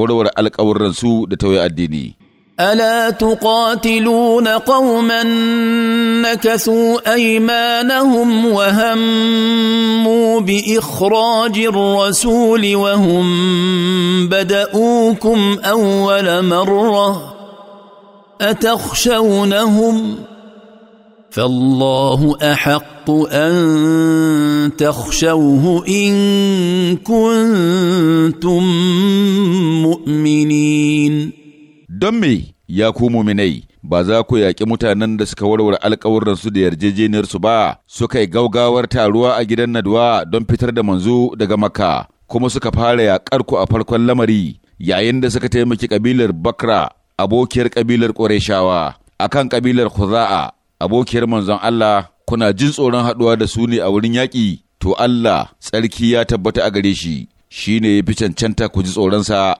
warware alkawurransu da tauye addini. ألا تقاتلون قوما نكثوا أيمانهم وهموا بإخراج الرسول وهم بدأوكم أول مرة أتخشونهم فالله أحق أن تخشوه إن كنتم mu'minin don me ya ku muminai ba za ku yaƙi mutanen da suka warware alkawuransu da yarjejeniyarsu ba suka yi gaugawar taruwa a gidan nadwa don fitar da manzo daga maka kuma suka fara yaƙar ku a farkon lamari yayin da suka taimaki kabilar bakra abokiyar kabilar ƙoreshawa akan kabilar khuza'a abokiyar manzon Allah kuna jin tsoron haɗuwa da su ne a wurin yaƙi to Allah tsarki ya tabbata a gare shi shi ne ya fi cancanta ku ji tsoronsa